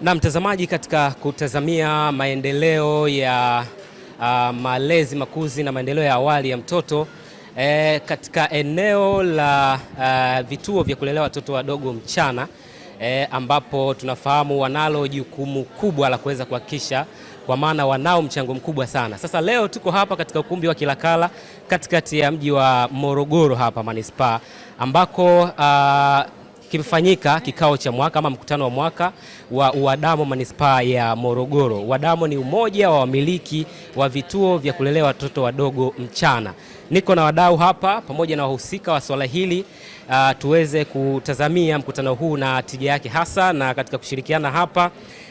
Na mtazamaji, katika kutazamia maendeleo ya uh, malezi, makuzi na maendeleo ya awali ya mtoto eh, katika eneo la uh, vituo vya kulelea watoto wadogo mchana eh, ambapo tunafahamu wanalo jukumu kubwa la kuweza kuhakikisha kwa maana wanao mchango mkubwa sana. Sasa leo tuko hapa katika ukumbi wa Kilakala katikati ya mji wa Morogoro hapa manispaa ambako uh, kilifanyika kikao cha mwaka ama mkutano wa mwaka wa UWADAMO manispaa ya Morogoro. UWADAMO ni umoja wa wamiliki wa vituo vya kulelea watoto wadogo mchana. Niko na wadau hapa pamoja na wahusika wa swala hili uh, tuweze kutazamia mkutano huu na tija yake hasa, na katika kushirikiana hapa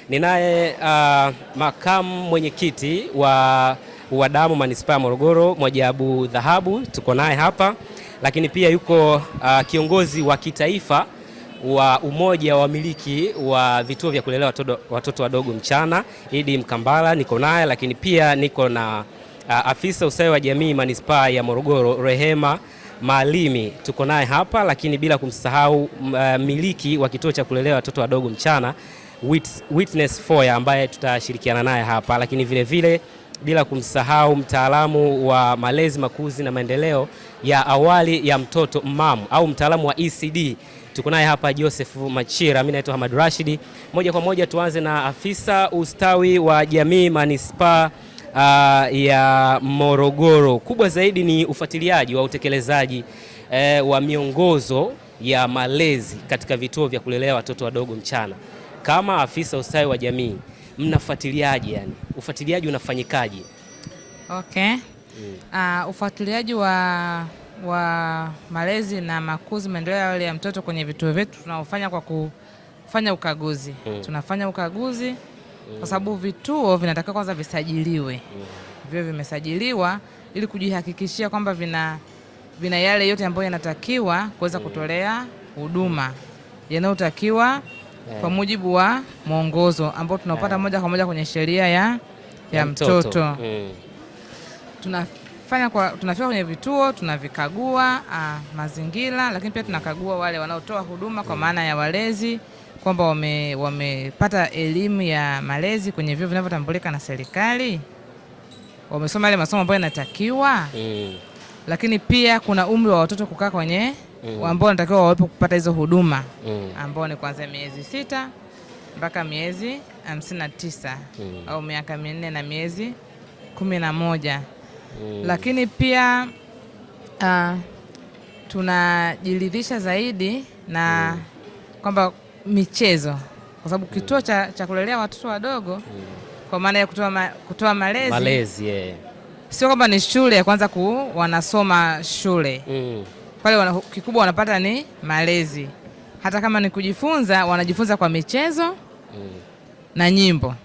ninaye uh, makamu mwenyekiti wa UWADAMO manispaa ya Morogoro Mwajabu Dhahabu, tuko naye hapa lakini pia yuko uh, kiongozi wa kitaifa wa umoja wa wamiliki wa vituo vya kulelea watoto wadogo mchana, Idi Mkambala niko naye, lakini pia niko na uh, afisa ustawi wa jamii manispaa ya Morogoro Rehema Maalimi tuko naye hapa, lakini bila kumsahau uh, miliki wa kituo cha kulelea watoto wadogo mchana Wit, Witness Foya ambaye tutashirikiana naye hapa, lakini vilevile vile, bila kumsahau mtaalamu wa malezi makuzi na maendeleo ya awali ya mtoto mam au mtaalamu wa ECD Tuko naye hapa Joseph Machira, mimi naitwa Hamad Rashidi. Moja kwa moja tuanze na afisa ustawi wa jamii manispaa uh, ya Morogoro. Kubwa zaidi ni ufuatiliaji wa utekelezaji eh, wa miongozo ya malezi katika vituo vya kulelea watoto wadogo mchana. Kama afisa ustawi wa jamii mnafuatiliaje? Yani ufuatiliaji unafanyikaje? Okay. Mm. Uh, ufuatiliaji wa wa malezi na makuzi maendeleo ya awali ya mtoto kwenye vituo vyetu tunaofanya kwa kufanya ukaguzi hmm. tunafanya ukaguzi hmm. kwa sababu vituo vinatakiwa kwanza visajiliwe hmm. vio vimesajiliwa ili kujihakikishia kwamba vina, vina yale yote ambayo yanatakiwa kuweza hmm. kutolea huduma yanayotakiwa hmm. kwa mujibu wa mwongozo ambao tunaopata hmm. moja kwa moja kwenye sheria ya, ya, ya mtoto, mtoto. Mm. tuna tunafanya kwa, tunafika kwenye vituo tunavikagua ah, mazingira, lakini pia tunakagua wale wanaotoa huduma kwa maana ya walezi kwamba wamepata wame elimu ya malezi kwenye vyuo vinavyotambulika na serikali, wamesoma yale masomo ambayo yanatakiwa mm. Lakini pia kuna umri wa watoto kukaa kwenye mm. ambao wanatakiwa wawepo kupata hizo huduma mm. ambao ni kuanzia miezi sita mpaka miezi hamsini na tisa mm. au miaka minne na miezi kumi na moja. Mm. Lakini pia uh, tunajiridhisha zaidi na mm. kwamba michezo kwa sababu mm. kituo cha, cha kulelea watoto wadogo mm. kwa maana ya kutoa, ma, kutoa malezi, malezi yeah. Sio kwamba ni shule ya kwanza ku wanasoma shule mm. pale wana, kikubwa wanapata ni malezi, hata kama ni kujifunza wanajifunza kwa michezo mm. na nyimbo.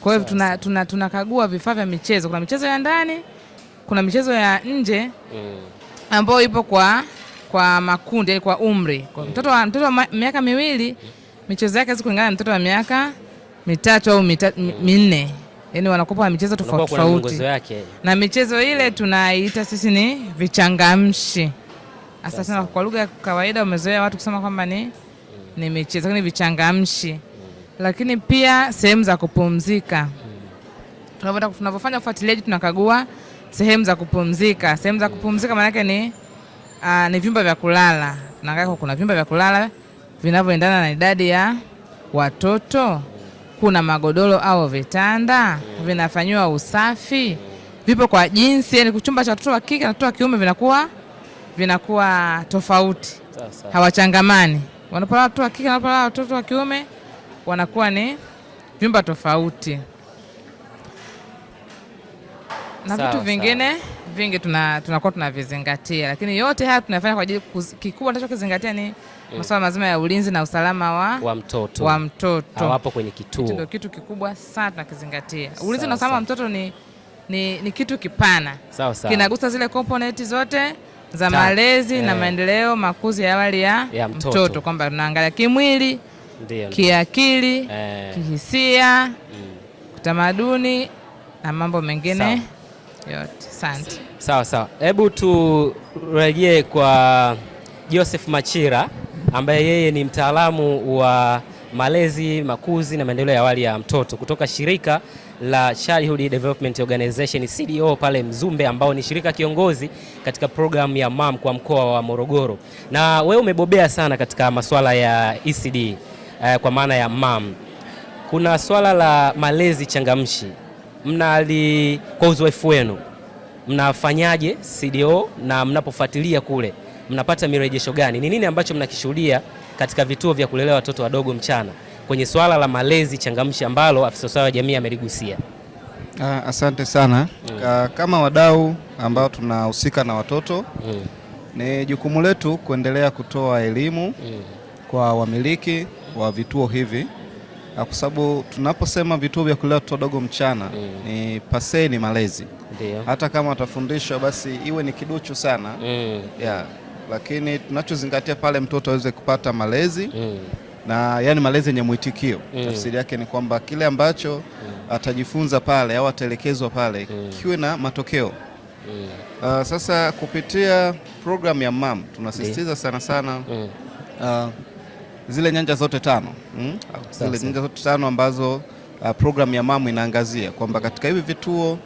Kwa hiyo tunakagua tuna, tuna vifaa vya michezo, kuna michezo ya ndani kuna michezo ya nje mm. ambayo ipo kwa, kwa makundi yani kwa umri kwa mm. mtoto wa, mtoto wa miaka miwili michezo yake kulingana na mtoto wa miaka mitatu au mita, mm. minne yani wa michezo tofauti tofauti na michezo ile mm. tunaiita sisi ni vichangamshi hasa sana. Kwa lugha ya kawaida umezoea watu kusema kwamba ni, mm. ni michezo ni vichangamshi mm. lakini pia sehemu za kupumzika tunavyofanya ufuatiliaji tunakagua sehemu za kupumzika. Sehemu za kupumzika maanake ni uh, ni vyumba vya kulala, na kuna vyumba vya kulala vinavyoendana na idadi ya watoto. Kuna magodoro au vitanda vinafanyiwa usafi, vipo kwa jinsi, yani chumba cha watoto wa kike na watoto wa kiume vinakuwa vinakuwa tofauti, hawachangamani. Wanapolala watoto wa kike na wanapolala watoto wa kiume wanakuwa ni vyumba tofauti na vitu vingine sawa, vingi tunakuwa tuna tunavizingatia, lakini yote haya tunafanya kwa ajili, kikubwa tunachokizingatia ni mm. masuala mazima ya ulinzi na usalama wa, wa mtoto, wa mtoto. Hawapo kwenye kituo, ndio kitu kikubwa sana tunakizingatia. Ulinzi na usalama wa mtoto ni, ni, ni kitu kipana sawa, sawa. Kinagusa zile komponenti zote za malezi na eh. maendeleo makuzi ya awali ya, ya mtoto, mtoto kwamba tunaangalia kimwili, kiakili eh. kihisia mm, kutamaduni na mambo mengine sawa yote. Asante. Sawa sawa, hebu turejee kwa Joseph Machira ambaye yeye ni mtaalamu wa malezi, makuzi na maendeleo ya awali ya mtoto kutoka shirika la Childhood Development Organization CDO pale Mzumbe, ambao ni shirika kiongozi katika programu ya MAM kwa mkoa wa Morogoro. Na wewe umebobea sana katika masuala ya ECD eh, kwa maana ya MAM. Kuna swala la malezi changamshi mnali kwa uzoefu wenu mnafanyaje CDO na mnapofuatilia kule mnapata mirejesho gani? Ni nini ambacho mnakishuhudia katika vituo vya kulelea watoto wadogo mchana kwenye swala la malezi changamshi ambalo afisa ustawi wa jamii ameligusia? Ah, asante sana mm. Ah, kama wadau ambao tunahusika na watoto mm. ni jukumu letu kuendelea kutoa elimu mm. kwa wamiliki wa vituo hivi Ah, kwa sababu tunaposema vituo vya kulea watoto wadogo mchana mm. ni pasee ni malezi Ndiyo. hata kama watafundishwa basi iwe ni kiduchu sana mm. yeah. lakini tunachozingatia pale mtoto aweze kupata malezi mm. na yani malezi yenye mwitikio mm. tafsiri yake ni kwamba kile ambacho mm. atajifunza pale au ataelekezwa pale mm. kiwe na matokeo mm. uh, sasa kupitia programu ya MAM tunasisitiza sana sana mm. uh, zile nyanja zote tano mm? zile nyanja zote tano ambazo uh, programu ya MAMU inaangazia kwamba katika hivi vituo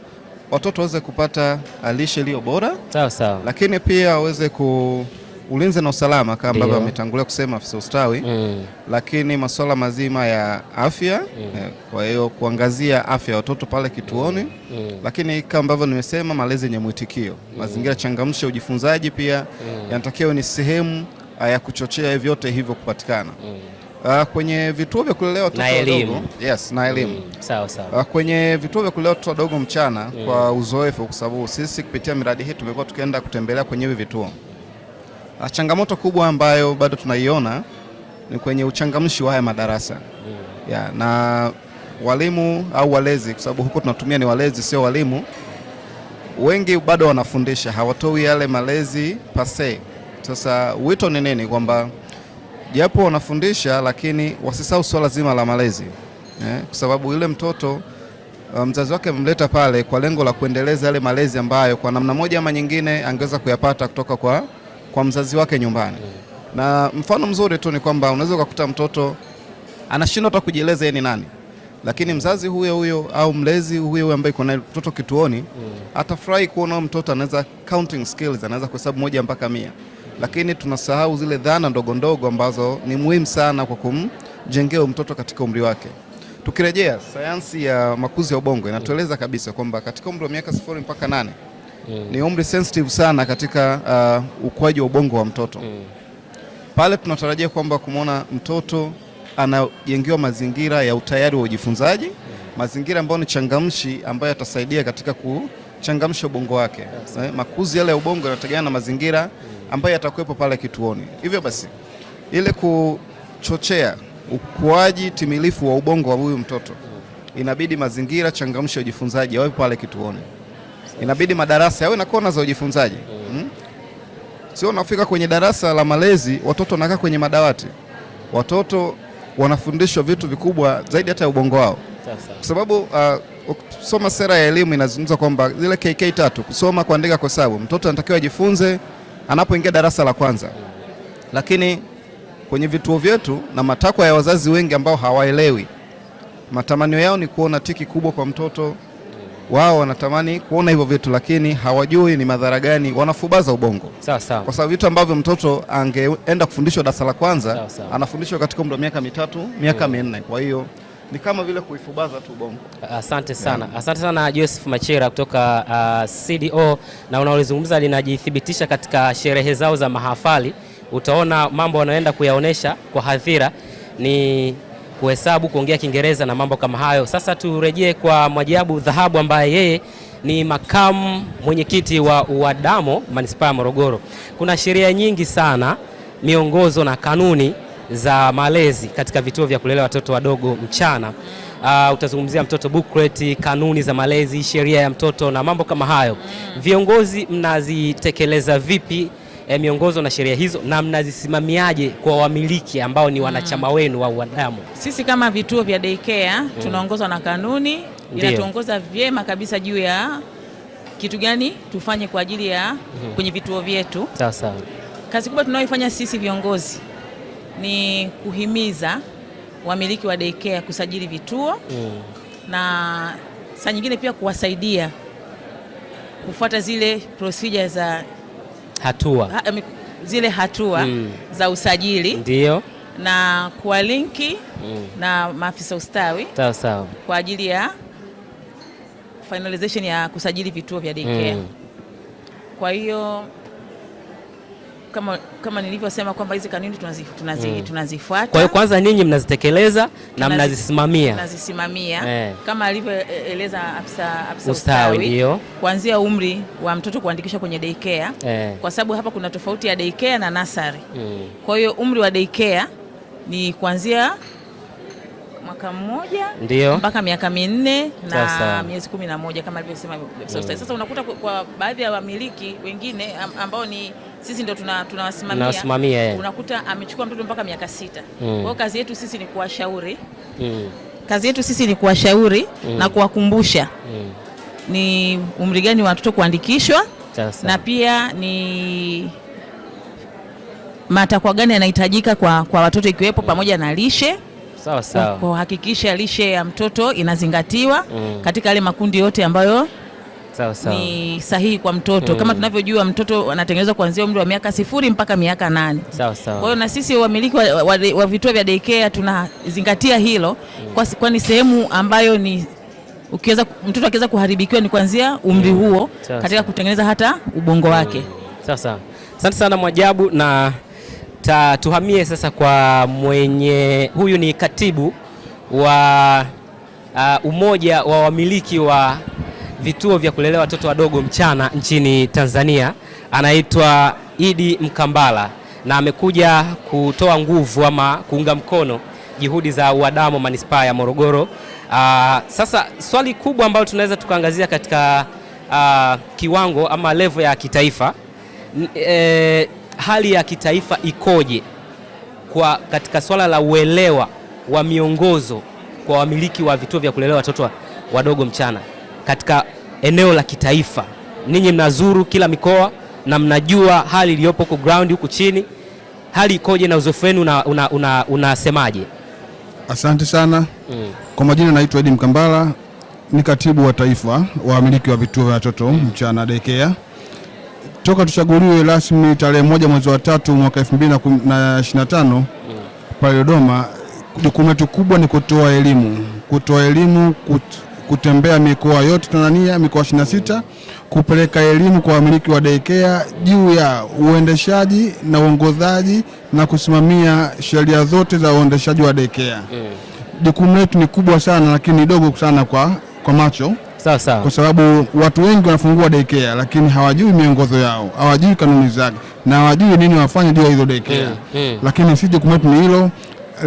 watoto waweze kupata uh, lishe iliyo bora sawa sawa, lakini pia waweze ku ulinzi na usalama kama ambavyo ametangulia kusema afisa ustawi mm. lakini masuala mazima ya afya mm. Eh, kwa hiyo kuangazia afya ya watoto pale kituoni mm. lakini kama ambavyo nimesema, malezi yenye mwitikio, mm. mazingira changamsha ujifunzaji pia mm. yanatakiwa ni sehemu Ah, ya kuchochea vyote hivyo kupatikana mm. Uh, kwenye vituo vya kulelea watoto wadogo yes, na mm, elimu mm, sawa sawa. Uh, kwenye vituo vya kulelea watoto wadogo mchana mm. Kwa uzoefu, kwa sababu sisi kupitia miradi hii tumekuwa tukienda kutembelea kwenye hivi vituo uh, changamoto kubwa ambayo bado tunaiona ni kwenye uchangamshi wa haya madarasa mm. yeah, na walimu au walezi, kwa sababu huko tunatumia ni walezi, sio walimu. Wengi bado wanafundisha, hawatoi yale malezi pase sasa wito ni nini? Kwamba japo wanafundisha lakini wasisahau swala zima la malezi eh, kwa sababu yule mtoto uh, mzazi wake amemleta pale kwa lengo la kuendeleza yale malezi ambayo kwa namna moja ama nyingine angeweza kuyapata kutoka kwa, kwa mzazi wake nyumbani. Na mfano mzuri tu ni kwamba unaweza ukakuta mtoto anashindwa hata kujieleza yeye ni nani, lakini mzazi huyo huyo au mlezi huyo huyo ambaye kuna mtoto kituoni mm. atafurahi kuona mtoto anaweza counting skills, anaweza kuhesabu moja mpaka mia lakini tunasahau zile dhana ndogo ndogo ambazo ni muhimu sana kwa kumjengea mtoto katika umri wake. Tukirejea sayansi ya makuzi ya ubongo inatueleza kabisa kwamba katika umri wa miaka sifuri mpaka nane mm. ni umri sensitive sana katika uh, ukuaji wa ubongo wa mtoto mm. Pale tunatarajia kwamba kumwona mtoto anajengiwa mazingira ya utayari wa ujifunzaji mazingira ambayo ni changamshi ambayo yatasaidia katika kuchangamsha ubongo wake yes. Eh, makuzi yale ya ubongo yanategemea na mazingira mm ambaye yatakuwepo pale kituoni. Hivyo basi ile kuchochea ukuaji timilifu wa ubongo wa huyu mtoto inabidi mazingira changamsho ya ujifunzaji yawepo pale kituoni, inabidi madarasa yawe na kona za ujifunzaji hmm? Sio unafika kwenye darasa la malezi, watoto wanakaa kwenye madawati, watoto wanafundishwa vitu vikubwa zaidi hata ya ubongo wao, kwa sababu uh, ah, soma sera ya elimu inazungumza kwamba zile KK tatu, kusoma, kuandika, kwa sababu mtoto anatakiwa ajifunze anapoingia darasa la kwanza. Lakini kwenye vituo vyetu na matakwa ya wazazi wengi ambao hawaelewi, matamanio yao ni kuona tiki kubwa kwa mtoto wao, wanatamani kuona hivyo vitu, lakini hawajui ni madhara gani, wanafubaza ubongo. Sawa sawa. Kwa sababu vitu ambavyo mtoto angeenda kufundishwa darasa la kwanza, sawa sawa, anafundishwa katika umri wa miaka mitatu, miaka minne, kwa hiyo ni kama vile kuifubaza tu bongo. Asante sana yeah. Asante sana Joseph Machera kutoka uh, CDO na unaolizungumza linajithibitisha katika sherehe zao za mahafali. Utaona mambo wanaenda kuyaonesha kwa hadhira ni kuhesabu, kuongea Kiingereza na mambo kama hayo. Sasa turejee kwa Mwajabu Dhahabu ambaye yeye ni makamu mwenyekiti wa Uadamo manispaa ya Morogoro. Kuna sheria nyingi sana, miongozo na kanuni za malezi katika vituo vya kulelea watoto wadogo mchana. Uh, utazungumzia mtoto bukreti, kanuni za malezi, sheria ya mtoto na mambo kama hayo. Viongozi mnazitekeleza vipi e, miongozo na sheria hizo na mnazisimamiaje kwa wamiliki ambao ni wanachama mm. wenu wa uadamu? Sisi kama vituo vya daycare mm. tunaongozwa na kanuni, inatuongoza vyema kabisa juu ya kitu gani tufanye kwa ajili ya mm-hmm. kwenye vituo vyetu. sawa. kazi kubwa tunayoifanya sisi viongozi ni kuhimiza wamiliki wa daycare kusajili vituo mm. na saa nyingine pia kuwasaidia kufuata zile procedure za hatua ha, zile hatua mm. za usajili ndio na kuwalinki mm. na maafisa ustawi sawa sawa, kwa ajili ya finalization ya kusajili vituo vya daycare mm. kwa hiyo kama, kama nilivyosema kwamba hizi kanuni tunazifuata tunazi, mm. tunazi kwa hiyo kwanza ninyi mnazitekeleza na mnazisimamia mnazisimamia, eh. Kama alivyoeleza afisa afisa ustawi, ndio kuanzia umri wa mtoto kuandikisha kwenye daycare eh. Kwa sababu hapa kuna tofauti ya daycare na nasari mm. Kwa hiyo umri wa daycare ni kuanzia mwaka mmoja mpaka miaka minne na miezi kumi na moja kama alivyosema mm. Sasa unakuta kwa baadhi ya wamiliki wengine ambao ni sisi ndio tunawasimamia tuna eh. unakuta amechukua mtoto mpaka miaka sita. Mm. Kwa hiyo kazi yetu sisi ni kuwashauri mm. kazi yetu sisi ni kuwashauri mm. na kuwakumbusha mm. ni umri gani wa watoto kuandikishwa na pia ni matakwa gani yanahitajika kwa, kwa watoto ikiwepo pamoja na lishe sawa sawa, kuhakikisha lishe ya mtoto inazingatiwa mm. katika yale makundi yote ambayo sawa sawa, ni sahihi kwa mtoto hmm. Kama tunavyojua mtoto anatengenezwa kuanzia umri wa miaka sifuri mpaka miaka nane. Sawa sawa. Kwa hiyo na sisi wamiliki wa, wa, wa, vituo vya daycare tunazingatia hilo hmm. kwani kwa sehemu ambayo ni ukiweza mtoto akiweza kuharibikiwa ni kuanzia umri hmm. huo sawa, katika kutengeneza hata ubongo wake hmm. Sawa sawa. Asante sana Mwajabu, na ta, tuhamie sasa kwa mwenye huyu, ni katibu wa uh, umoja wa wamiliki wa vituo vya kulelea watoto wadogo mchana nchini Tanzania. Anaitwa Idi Mkambala na amekuja kutoa nguvu ama kuunga mkono juhudi za uadamu manispaa ya Morogoro. Aa, ah, sasa swali kubwa ambalo tunaweza tukaangazia katika aa, ah, kiwango ama levo ya kitaifa e, hali ya kitaifa ikoje kwa katika swala la uelewa wa miongozo kwa wamiliki wa vituo vya kulelea watoto wadogo mchana? katika eneo la kitaifa. Ninyi mnazuru kila mikoa na mnajua hali iliyopo huko ground huku chini, hali ikoje na uzoefu wenu unasemaje? Una, una asante sana mm. Kwa majina naitwa Edi Mkambala, ni katibu wa taifa wamiliki wa vituo vya watoto mchana dekea toka tuchaguliwe rasmi tarehe moja mwezi wa tatu mwaka 2025 mm. pale Dodoma, jukumu letu kubwa ni kutoa elimu, kutoa elimu, kutembea mikoa yote Tanzania, mikoa sita kupeleka elimu kwa wamiliki wa daycare juu ya uendeshaji na uongozaji na kusimamia sheria zote za uendeshaji wa daycare mm. Jukumu letu ni kubwa sana, lakini dogo sana kwa, kwa macho sawa sawa, kwa sababu watu wengi wanafungua daycare lakini hawajui miongozo yao, hawajui kanuni zake na hawajui nini wafanye juu ya hizo daycare yeah, mm, yeah. Mm. Lakini sisi jukumu letu ni hilo.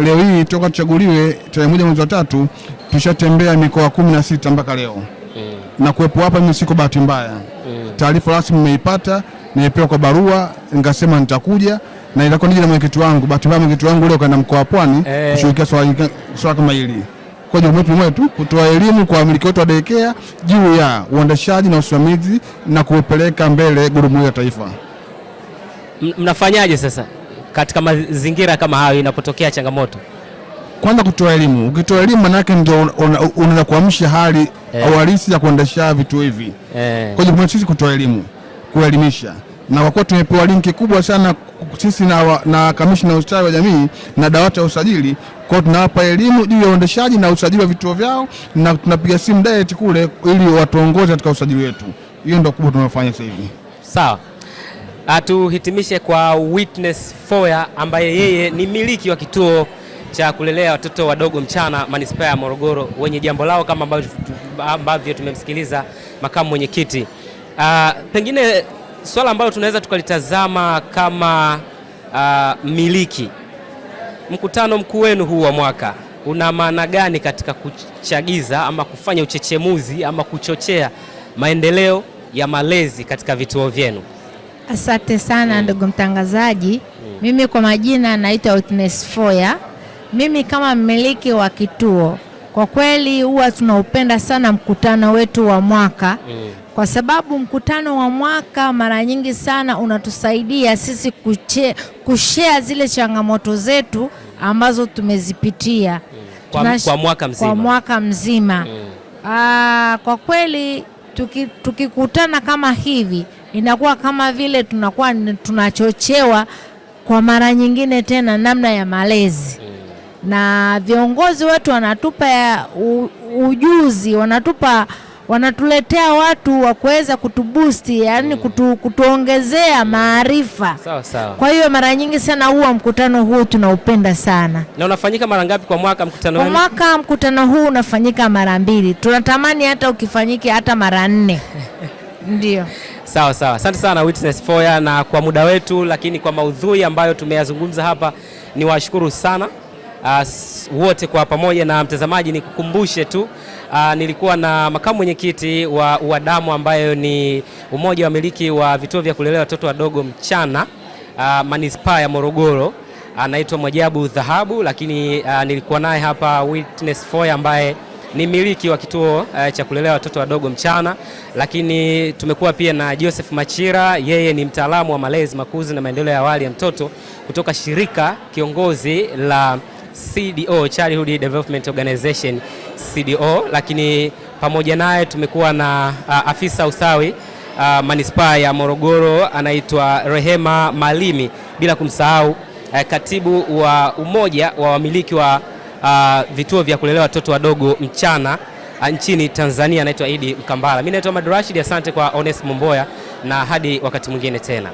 Leo hii toka tuchaguliwe tarehe moja mwezi wa tatu tushatembea mikoa kumi na sita mpaka leo mm. na kuwepo hapa mimi siko bahati mbaya mm. taarifa rasmi nimeipata, nimepewa kwa barua, nikasema nitakuja na ilikuwa nije na mwenyekiti wangu. Bahati mbaya mwenyekiti wangu leo kaenda mkoa wa Pwani eh. kushughulikia swala kama hili kwa jukumu wetu kutoa elimu kwa wamiliki wetu wa daycare juu ya uendeshaji na usimamizi na kuupeleka mbele gurumu ya taifa. Mnafanyaje sasa katika mazingira kama hayo inapotokea changamoto? kwanza kutoa elimu. Ukitoa elimu, manake ndio unaenda kuamsha hali eh. au halisi ya kuendesha vitu hivi. Eh. Kwa hiyo sisi kutoa elimu, kuelimisha, na kwa kuwa tumepewa linki kubwa sana sisi na, na ya ustawi wa jamii na dawati ya usajili hiyo tunawapa elimu juu ya uendeshaji na usajili wa vituo vyao, na tunapiga simu direct kule ili watuongoze katika usajili wetu. Hiyo ndio kubwa tunayofanya sasa hivi. Sawa. Atuhitimishe kwa Witness Foya ambaye yeye ni mmiliki wa kituo cha kulelea watoto wadogo mchana manispaa ya Morogoro wenye jambo lao kama ambavyo, ambavyo tumemsikiliza makamu mwenyekiti. Uh, pengine swala ambalo tunaweza tukalitazama kama uh, miliki, mkutano mkuu wenu huu wa mwaka una maana gani katika kuchagiza ama kufanya uchechemuzi ama kuchochea maendeleo ya malezi katika vituo vyenu? Asante sana mm. ndugu mtangazaji. Mm. Mimi kwa majina naitwa Witness Foya mimi kama mmiliki wa kituo kwa kweli huwa tunaupenda sana mkutano wetu wa mwaka mm. Kwa sababu mkutano wa mwaka mara nyingi sana unatusaidia sisi kuche, kushea zile changamoto zetu ambazo tumezipitia mm. Kwa, Tunash... kwa mwaka mzima, kwa, mwaka mzima. Mm. Aa, ah, kwa kweli tukikutana tuki kama hivi inakuwa kama vile tunakuwa tunachochewa kwa mara nyingine tena namna ya malezi na viongozi wetu wanatupa ujuzi, wanatupa wanatuletea watu wa kuweza kutubusti, yani mm. kutu, kutuongezea maarifa. Kwa hiyo mara nyingi sana huwa mkutano huu tunaupenda sana. Na unafanyika mara ngapi kwa mwaka mkutano huu? Kwa mwaka mkutano huu unafanyika mara mbili, tunatamani hata ukifanyike hata mara nne Ndio. Sawa sawa, asante sana Witness Foya na kwa muda wetu, lakini kwa maudhui ambayo tumeyazungumza hapa, ni washukuru sana uh, wote kwa pamoja na mtazamaji, nikukumbushe tu uh, nilikuwa na makamu mwenyekiti wa Uadamu ambayo ni umoja wa miliki wa vituo vya kulelea watoto wadogo mchana uh, manispaa ya Morogoro anaitwa uh, Mwajabu Dhahabu, lakini uh, nilikuwa naye hapa Witness Foy ambaye ni miliki wa kituo uh, cha kulelea watoto wadogo mchana, lakini tumekuwa pia na Joseph Machira, yeye ni mtaalamu wa malezi, makuzi na maendeleo ya awali ya mtoto kutoka shirika kiongozi la CDO, Childhood Development Organization CDO, lakini pamoja naye tumekuwa na uh, afisa ustawi uh, manispaa ya Morogoro anaitwa Rehema Malimi, bila kumsahau uh, katibu wa umoja wa wamiliki wa uh, vituo vya kulelea watoto wadogo mchana uh, nchini Tanzania anaitwa Idi Mkambala. Mimi naitwa Madrashid, asante kwa Ones Mumboya na hadi wakati mwingine tena.